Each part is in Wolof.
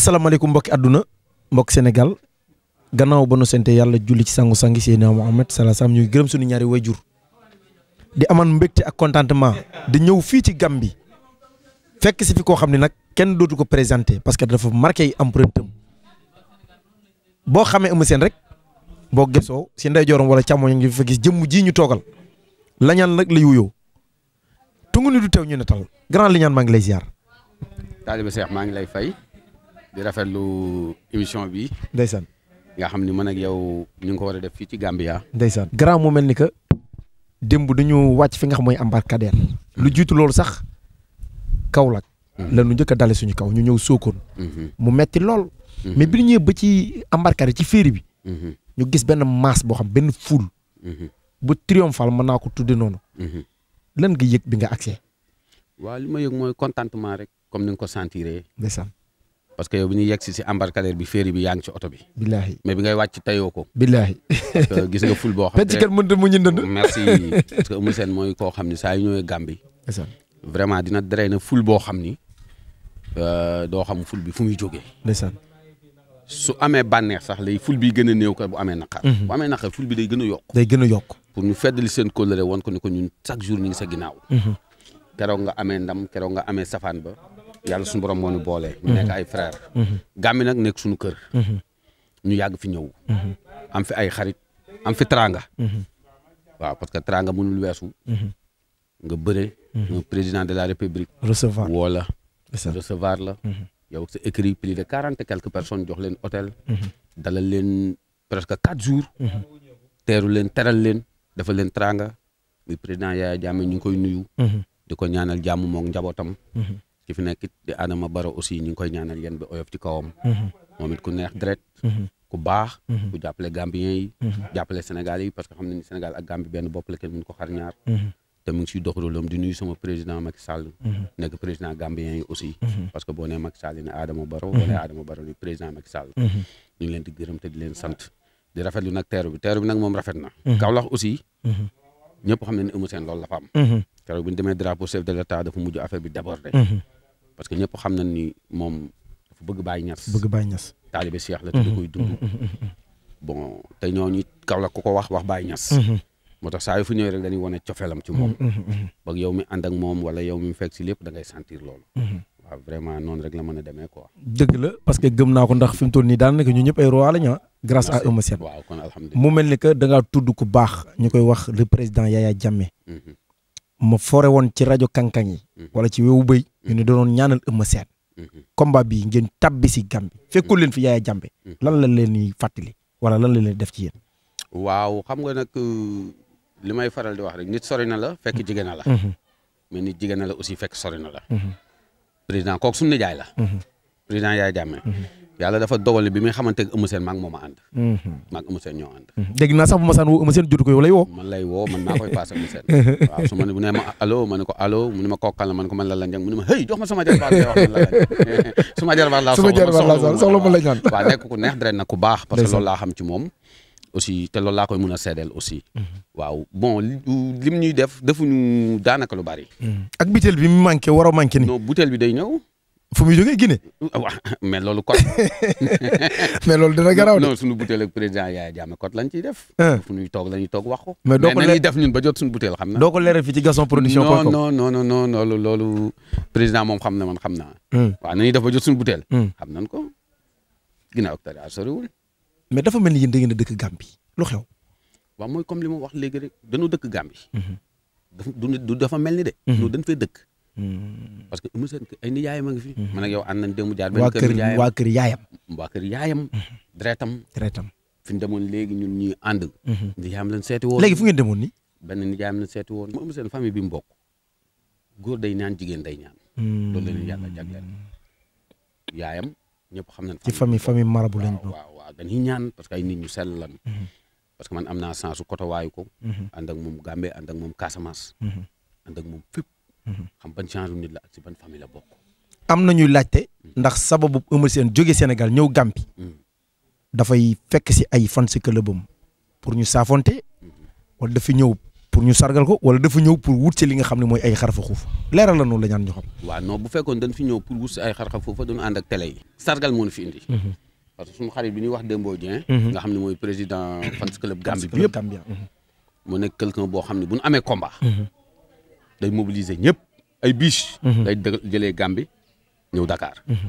asalaamaaleykum mbokki àdduna mbokki Sénégal gannaaw ba nu sante yàlla julli ci sangu sangi Seydina Muhammad salaa salaam ñuy gërëm suñu ñaari wayjur di aman mbégte ak contentement di ñëw fii ci bi fekk si fi koo xam ne nag kenn dootu ko présenté parce que dafa marqué empreinte am boo xamee Eumeu Sène rek boo gesoo si ndeyjooram wala càmmoñ ngi fa gis jëmm ji ñu toogal lañaan nag la yuuyoo tungu ni du teew ñu ne tal grand liñaan maa ngi lay ziar. taaliba Cheikh maa ngi lay fay. di rafetlu émission bi. ndeysaan. nga xam ni man nag yow ñu ngi ko war a def fii ci Gambia. ndeysaan grand mu mel ni que démb dañu wàcc fi nga xam mooy embarcadère. lu jiitu loolu sax Kaolack. Hmm. la nu njëkk dale suñu kaw ñu ñëw Sokone. Hmm. mu metti lool. Hmm. mais bi ñu ñëwee ba ci embarcadère ci féeri bi. ñu gis benn masse boo xam benn foule. bu triomphal mën naa ko tudde noonu. lan nga yëg bi nga accès. waaw li ma yëg mooy kontantement rek comme ni nga ko sentiree. parce que yow bi ñuy yegg si si embarcadère bi féeri bi yaa ngi ci oto bi. billaahi mais bi ngay tayoo ko. billaahi gis nga ful boo. xam ne pecc kenn mënut a muñ ndënd. merci parce que Eumeu mooy koo xam ne saa yu ñëwee vraiment dina drainer ful boo xam ni euh, doo xam ful bi fu muy jógee. ndeysaan su amee bànneex sax lay ful bi gën a néew ko bu amee naqar. Mhm. bu amee naqar bi day gën a yokk. day gën a yokk. pour ñu feddali seen kóllëre woon ko ni ko ñun chaque jour ñu ngi sa ginnaaw. Mhm. keroog nga amee ndam keroog nga amee safaan ba yàlla suñu borom moo ñu boole. ñu mhm. nekk ay frère mhm. gàmmi nekk suñu kër. Mhm. ñu yàgg fi ñëw. am fi ay xarit am fi teraanga. waaw parce que teraanga mënul weesu. nga bëre. président de la république. recevoir la. recevoir la. yow sa écrit plus de quarante et quelques personnes jox leen hôtel. dalal leen presque quatre jours. teeru leen teral leen dafa leen teraanga président Yaya Jammeh ñu ngi nuyu. di ko ñaanal jàmm moog njabootam. ci fi nekk di Adama Baro aussi ñu ngi koy ñaanal yéen bi oyof ci kawam. Mhm. moom it ku neex deret. Mhm. ku baax. Mhm. ku jàppale Gambien yi. jàppale Sénégal yi parce que xam nañu Sénégal ak Gambie benn bopp la kenn mënu ko xar ñaar. te mu ngi siy doxalu loom di yi aussi. parce que boo nee Macky ne Adama Baro. boo nee Adama Baro ni président Macky Sall. ñu ngi leen di gërëm te di leen sant. di rafetlu nag teeru bi teeru bi nag moom rafet na. Kaolack aussi. ñëpp xam nañ ne Eumeu Sène loolu la fa am. keroog bi ñu demee drapeau chef de mujj affaire bi parce que ñëpp xam nañ ni moom dafa bëgg Baye Niass. bëgg Baye Niass. taalibe Cheikh la te da mm-hmm. koy dund. Mm-hmm. Mm-hmm. bon te ñooñu kaw la ku ko wax wax Baye Niass. moo tax saa yu fu ñëwee rek dañuy wane cofeelam ci moom. yow mi ànd moom wala yow mi fekk si lépp da ngay sentir loolu. waaw vraiment noonu rek la mën a demee quoi. dëgg la parce que gëm naa ko ndax fi mu toll nii daa daanaka ñu ñëpp ay roi la ah, à Eumeu Sène. mu mel ni que da tudd ku baax ñu koy wax le président Yaya Jammeh. ma fore woon ci rajo kankan yi. Mhm. wala ci wewu bëy mhm. ñu ne doonoon ñaanal Eumeu Sène. Mhm. combat bi ngeen tabbi si Gàmbi fekkul leen fi Yaya Jammeh. lan la leen di fàttali wala lan la leen def ci yéen. waaw xam nga nag euh, li may faral di wax rek nit sori na la fekk jigéen la. me nit jigéen na la aussi fekk sori na la. président kooku suñu jaay la. président Yaya Jammeh. yàlla dafa dogal ne bi muy xamante ne Eumeu Sène maa ngi moom a ànd. Mhm. maa ngi Eumeu Sène ñoo ànd. Mhm. dégg naa sax bu ma saan woo Eumeu Sène jotu ko yow lay woo. man lay woo man maa koy passé Eumeu Sène. waaw su ma ne bu ne ma allo ma ne ko allo mu ne ma kookal la man ko man la lañ jàng mu ne ma hey jox ma sama jarbaar lay wax man la lañ suma jarbaar laa soxla soxla soxla ma la ñaan. waaw nekk ku neex dara na ku baax. parce que loolu laa xam ci moom. aussi te loolu laa koy mën a seedeel aussi. Mhm. waaw bon lim ñuy def defuñu daanaka lu bari. ak butéel bi mu manqué war a manqué ni. non butéel bi day ñëw fu muy jógee Guinée. waaw mais loolu kot. mais loolu dina garaaw de. non suñu butéel ak président Yaya Jammeh kot lañ ciy def. Ah. fu ñuy toog la ñuy toog wax ko. mais doo ko leer def ñun ba jot suñu butéel xam na. doo ko leeral fii ci Gaston production. point non non moom xam na man xam naa. Hmm. waaw na ñuy def ba jot suñu butéel. Hmm. xam nañ ko ginnaaw ak tari soriwul. mais dafa mel ni yéen da ngeen a dëkk Gambie lu xew. waaw mooy comme li ma wax léegi rek dañoo dëkk Gambie. Hmm. dafa du dafa mel ni de. loolu dañ fay dëkk. parce que Eumeu Sène ay ni yaayam a ngi fi. Mhm. man ak yow ànd nañ démb jaar. benn kër yaayam waa kër yaayam. yaayam. Mhm. deretam deretam. fi ñu demoon léegi ñun ñuy ànd. Mhm. nijaayam lañ seeti woon. léegi fu ngeen demoon nii. benn nijaayam lañ seeti woon. Eumeu Sène famille bi mu bokk góor day ñaan jigéen day ñaan. loolu la ñuy yàlla jagleel. yaayam ñëpp xam na ci famille famille marabu lañ bokk waaw ñaan parce que ay nit ñu sell lan. parce que man am naa chance su kotawaayu ko. ànd ak moom Gambey ànd ak moom Casamance. ànd ak moom fépp xam ban genre nit la ak si la bokk. am na ñuy laajte ndax sababu Eumeu Sène jóge Sénégal ñëw Gàmbi dafay fekk si ay fan si clubam pour ñu saafonte wala dafa ñëw pour ñu sargal ko wala dafa ñëw pour wut si li nga xam ne mooy ay xarfa xuuf leeral la noonu la ñaan ñu xam. waaw non bu fekkoon dañ fi ñëw pour wut si ay xarfa xuufa dañu ànd ak télé yi. sargal moo ñu fi indi. Mhm. parce que suñu xarit bi ñuy wax Dembo Dieng. Mhm. nga xam ne mooy président fans club Gambie bi yëpp. Mhm. mu nekk quelqu'un boo xam ne bu day mobiliser ñëpp ay biche. Mhm. day jëlee Gambie ñëw dakaar mhm.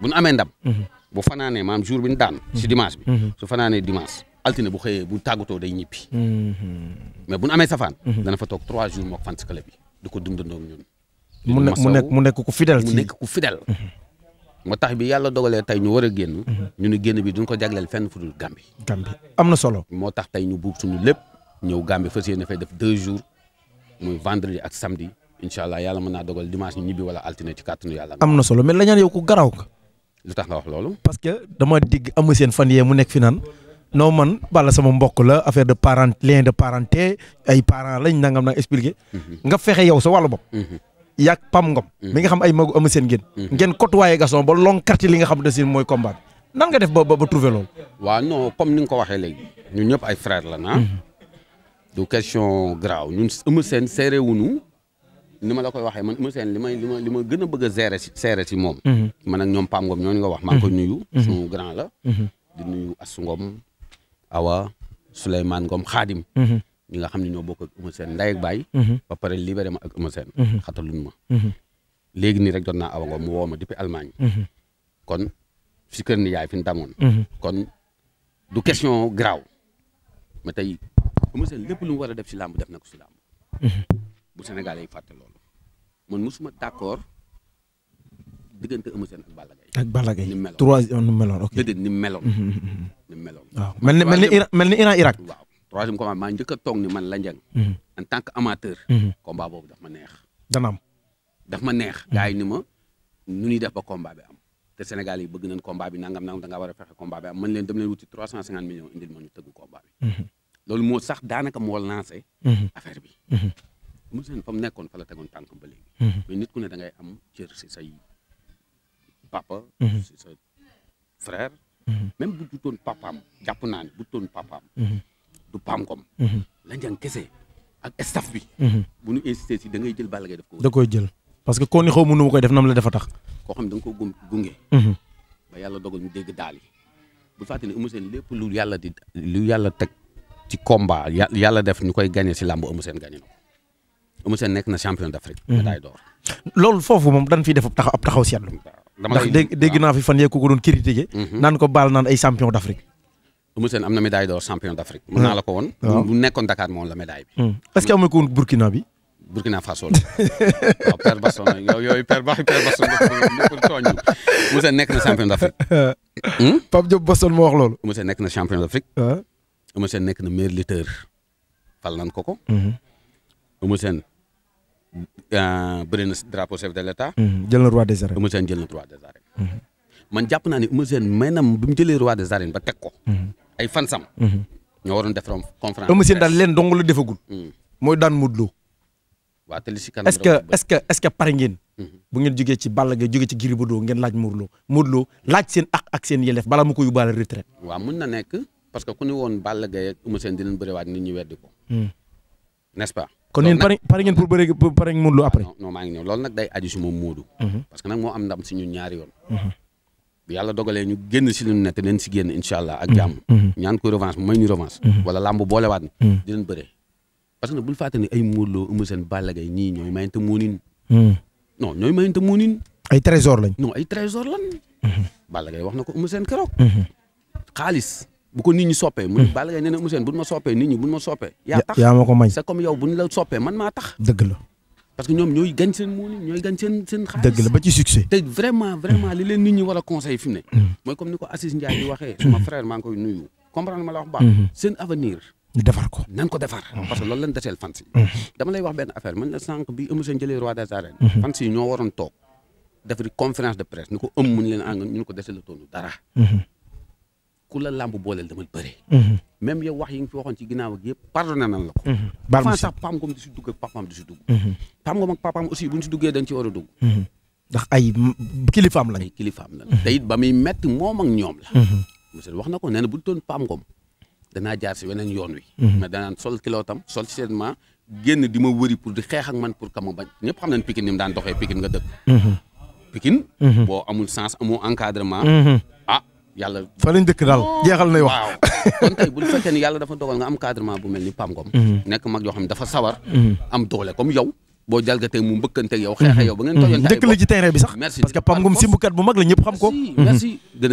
bu ñu amee ndam. Mhm. bu fanaanee maam jour bi ñu daan. si dimanche bi. su fanaanee dimanche. altine bu xëyee bu tàggatoo day ñibbi. mais bu ñu amee safaan. dana fa toog trois jours moog fan si club bi di ko dundandoo ñun. mu nekk mu nekk ku fidèle mu nekk ku fidèle. moo tax bi yàlla dogalee tey ñu war a génn. ñu ni génn bi duñ ko jagleel fenn fu dul Gambie. am na solo. moo tax tey ñu buub suñu lépp ñëw Gambie fas yéene fay def deux jours. muy vendredi ak samedi incha allah yàlla mën naa dogal dimanche ñu ñibbi wala altine ci kàttanu yàlla. am na solo mais la ñaan yow ku garaaw nga. lu tax nga wax loolu. parce que dama digg am seen fan yee mu nekk fi naan non man bala sama mbokk la affaire de parent lien de parenté ay parent lañ nangam nag expliqué. Mhm. nga fexe yow sa wàllu bopp. Mhm. yàgg Pam Ngom. mu mhm. nga xam ay magu am seen ngeen. ngeen côtoyé Gaston ba long quartier li nga xam ne si mooy combat bi nan nga def ba ba trouver loolu. waaw non comme ni nga ko waxee léegi ñun ñëpp ay frères la na ah. du question grave ñun Eumeu Sène seere wuñu ni ma la koy waxee man Eumeu Sène li may li ma a bëgg a seere si seere si moom. Mhm. man ak ñoom Pam Ngom ñooñu nga wax. maa ngi koy mhm. nuyu. Mhm. suñu grand la. di nuyu Assou Ngom Awa Souleymane Ngom Khadim. ñi nga xam ne ñoo bokk ak Eumeu Sène ndey ak baay. ba pare libéré ak Eumeu Sène. xataluñ ma. léegi rek jot naa Awa Ngom mu woo ma depuis Allemagne. kon si ni yaay fi damoon. kon du question grave mais tey. Eumeu Sène lépp lu a def si làmb def na ko si làmb. Mhm. bu Sénégal yi fàtte loolu. man mosuma d'accord diggante Eumeu Sène ak Balla Gaye. ak Balla Gaye ni meloon trois oh, ni meloon ok. déedéet ni meloon. Mhm, mhm, ni meloon. waaw mel ni mel ni Iran mel ni Iran Irak. waaw troisième combat maa njëkk a toog ni man la njëng. en tant que amateur. combat boobu daf ma neex. dana daf ma neex. gars yi ni ma nu ñuy def ba combat bi am. te Sénégal yi bëgg nañ combat bi nangam nangam da war a fexe combat bi am man leen dem leen wuti trois cent cinquante millions indil ma ñu tëgg combat bi. loolu moo sax daanaka moo lancé. Mhm. affaire bi. Eumeu mhm. Sène fa ba léegi. Mhm. mais nit ku ne da ngay am cër si say papa. si sa frère. même bu dutoon papaam jàpp naa ne bu dutoon papaam. du bi. bu nu insisté si da ngay jël Balla Gaye def ko. da koy jël parce que la dafa tax. ne da nga ba yàlla dogal bu fàttali ne Eumeu Sène lépp lu yàlla di lu yàlla teg. ci combat yàlla def ñu koy gagné si làmb Eumeu Sène gagné na ko Eumeu Sène nekk na champion d'Afrique. Mhm. médaille d'or. loolu foofu moom dañ fiy def ab taxaw ab taxaw seetlu. ndax dégg dégg naa fi fan yee ku ko doon critiqué. Mhm. naan ko baal naan ay champion d'Afrique. Eumeu naa la ko woon. Mhm. bu nekkoon Dakar moom la médaille bi. est que amu ko woon Burkina bi. Burkina Faso la waaw Père nekk na champion d'Afrique. Hmm? Pape Diop Basson moo wax loolu. Eumeu Sène nekk na meilleur lutteur fal nan ko ko. Mhm. Eumeu Sène euh, bëri na drapeau chef de l'État. Mhm. jël na roi des arènes. Eumeu Sène jël na roi des arènes. Mhm. man jàpp naa ne Eumeu may na bi mu jële roi des arènes ba teg ko. ay fansam. ñoo waroon def conférence. Eumeu Sène daal leen dong la defagul. mooy daan Modou Lo. waa te li si kanam est-ce que que est-ce que pare ngeen. bu ngeen jógee ci Balla Gaye jógee ci Gris Bordeaux ngeen laaj Modou Lo Modou Lo laaj seen ak ak seen yelleef balaa mu ko yóbbaale retraite. nekk. parce que ku ne woon Balla Gaye ak Eumeu Sène dinañ bëriwaat nit ñi weddi ko. Hmm. nest kon yéen pare pare ngeen pour bëree pour pare Modou Lo après. non non maa ngi ñëw nag day aju si moom hmm. parce que nag moo am ndam si ñun ñaari yoon. Hmm. bu yàlla dogalee ñu génn si lu ñu si génn incha allah ak jàmm. ñaan ko revanche may ñu revanche. wala làmb boolewaat na. dinañ bëree parce que nag bul fàtte ne ay Modou Lo Eumeu Sène Balla Gaye ñii ñooy mayante moonin. non ñooy mayante wax na ko Eumeu Sène bu ko nit ñi soppee. mu ne hmm. na Eumeu Sène ma soppee nit ñi ma soppee. yaa tax ko may c'est comme yow bu la soppee man maa tax. dëgg la parce que ñooy gañ seen muuni ñooy gañ seen seen xaalis. dëgg la ba ci succès. te hmm. hmm. ma la wax baax. seen avenir. ñu ko nan ko defar. parce que loolu lañ deseel fans yi. dama lay wax benn affaire man la sànq bi Eumeu Sène jëlee roi des arènes. fans ñoo waroon toog def conférence de presse ni ko ëm mu ah, ñu leen àngal ko ku la làmb booleel dama bëre. Mhm. même yow wax yi nga fi waxoon ci ginnaaw ak nan la ko. Mhm. baal ma sax paam ngom di si dugg ak papaam di si dugg. Mhm. paam ngom ci war a dugg. ndax ay kilifaam lañ. ay kilifaam lañ ba muy métti moom ak ñoom la. monsieur wax na ko nee na bu doon da ngom jaar si weneen yoon wi. mais danaan sol kilootam sol seulement génn di ma wëri pour di xeex man pour que ma bañ ñëpp xam nañ Pikine ni mu daan doxee Pikine nga dëkk. Pikine. boo amul sens amoo encadrement. yalla fa lañ dëkk daal oh. jeexal nay wax waaw kon tey bu yàlla dafa dogal nga am cadrement bu mel ni Pam Ngom mhm. nekk mag yoo xam dafa sawar mhm. am doole comme yow boo jalgatee mu mbëkkanteeg yow xeexee mhm. yow ba ngeen tojante dëkk la ci terrain bi sax a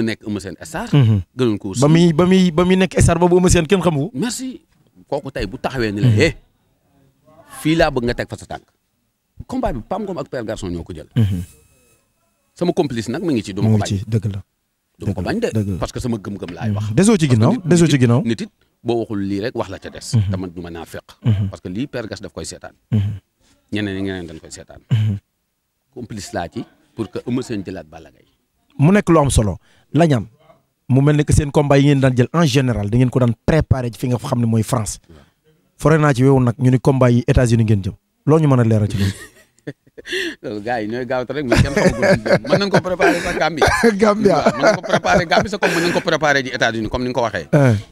nekk Eumeu Sène star ba muy ba muy ba muy nekk star boobu Eumeu Sène kenn xamu ko merci kooku tey bu taxawee ni la eh fii laa bëgg nga teg fa sa tànk combat bi Pam Ngom ak ko jël sama complice nag mi ngi ci du ma ko bàyyi dëgg la du ko bañ parce que sama gëm-gëm laay wax. Mm-hmm. desoo ci ginnaaw desoo boo waxul lii rek wax la ca des. Mm-hmm. te man naa feq. Mm-hmm. parce que lii Père Gass daf koy seetaan. ñeneen ñeneen dañ koy seetaan. complice laa ci pour que Eumeu Sène jëlaat mu nekk lu am solo la ñam mu mel ne que seen combat yi ngeen daan jël en général da ngeen ko daan préparé fi nga xam ne mooy France. fore naa ci wewu nag ñu ni combat yi États-Unis ngeen jëm loo ñu mën a leeral ci loolu. loolu gars yi ñooy gaaw rek mais kenn xamagul mën nañ ko préparer sa Gambie. Gambie waaw mën nañ ko préparer Gambie sa comme mën nañ ko préparer ji États-Unis comme ni mhm. nga ko waxee.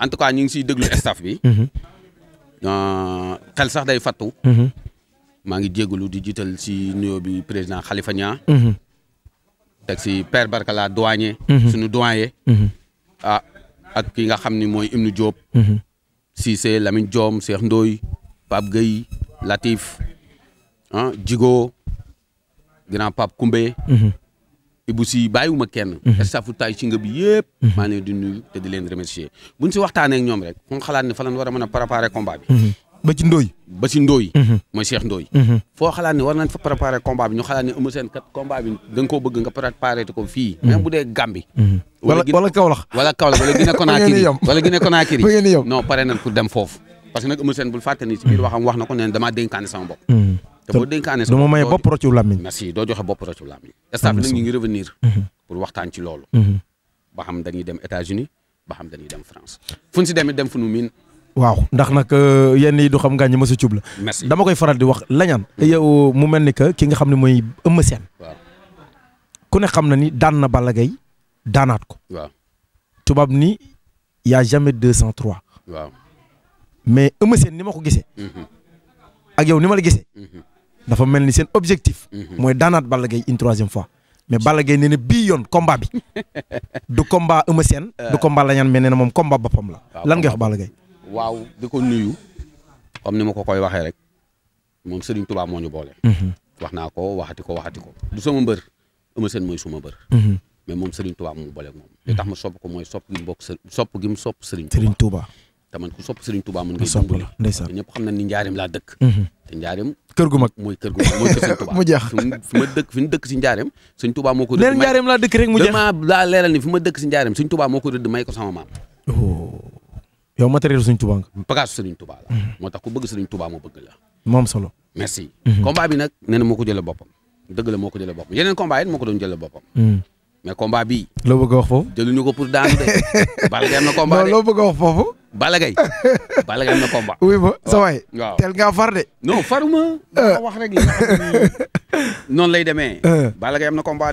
en tout cas ñu mhm. ngi siy déglu staff bi. xel sax day fattu. maa ngi jégalu di jiital si nuyoo président Khalifa Niang. Mhm. teg si Barkala doyen. suñu doyen. ah ak ki nga xam ni mooy Ibnu Diop. Cissé Lamine Diom Cheikh Ndoye Pape Gueye Latif. ah Jigo grand pape Koumbe. Mhm. Ibou si bàyyiwuma kenn. Mhm. staffu tay ci nga bi yëpp. Mhm. maa ngi leen te di leen remercier si waxtaanee ak ñoom rek kon xalaat ne fa lañ war a mën a préparer combat bi. ba ci ndooy. ba ci ndooy. mooy Cheikh Ndooy. foo xalaat ne war nañ fa préparer combat xalaat ne Eumeu Sène kat combat bi da nga koo bëgg nga préparer ko fii. même bu dee Gambie. wala wala Kaolack wala Kaolack wala Guinée Conakry wala Guinée Conakry non pare nañ pour dem foofu. parce que nag bul fàtte si biir waxam wax na ko ne damaa dénkaane sama te boo dénkaane du ma may bopp roccu làmmiñ merci doo joxe bopp roccu mhm. mhm. dem États-Unis ba xam dañuy dem France fu si demee dem waaw ndax nag euh, yenn yi du xam ngaañ ma sa cub la dama koy faral di wax lañaan mhm. yow mu mel ni que ki nga xam ne mooy Eumeu Sène ku ne xam na ni daan na Balla Gaye daanaat ko waaw tubaab ni yaa a jamais deux waaw mais Eumeu Sène ni ma ko gisee ak yow ni ma la gisee dafa mel ni seen objectif. Mhm. mooy daanaat Balla Gaye une troisième fois. mais Balla Gaye nee na bii yoon combat bi du combat Eumeu Sène euh. du combat la ñaan mais moom combat boppam la. lan nga wax Balla Gaye. waaw di ko nuyu. comme ni ma ko koy waxee rek. moom Serigne Touba moo ñu boole. Mhm. wax naa ko waxati ko waxati ko. du sama mbër Eumeu Sène suma mbër. Mhm. moom Serigne Touba moo boole ak moom. li tax ma sopp ko mooy sopp gi mu bokk sopp gi mu sopp Serigne Touba. Serigne Touba. te man ku sopp Serigne Touba mën ngay dimbali. ndeysaan ñëpp xam na ni njaarim laa dëkk. te njaareem. kër gu mag mooy kër gu mag mooy kër sëñ Touba mu jeex fi ma dëkk fi ñu dëkk si njaareem sëñ Touba moo ko rëdd. njaareem laa dëkk rek mu jeex dama laa leeral ni fi ma dëkk si njaareem sëñ Touba moo ko rëdd may ko sama maam. Oh. yow matériel sëñ Touba nga. bagage sëñ Touba la. Mm-hmm. moo tax ku bëgg sëñ Touba moo bëgg la. moom solo. merci. Mm-hmm. combat bi nag nee na moo ko jëlee boppam. dëgg la moo ko jëlee boppam yeneen combat yi moo ko doon jëlee boppam. Mm-hmm. mais combat bii. loo bëgg a wax foofu. jëluñu ko pour daanu de. bala dem na combat de loo bëgg a wax foofu. Balla Gaye Balla Gaye am na combat. wuy ma sa waay waaw far de. non faruma. Euh. wax rek noonu lay demee. Euh. Balla Gaye am na combat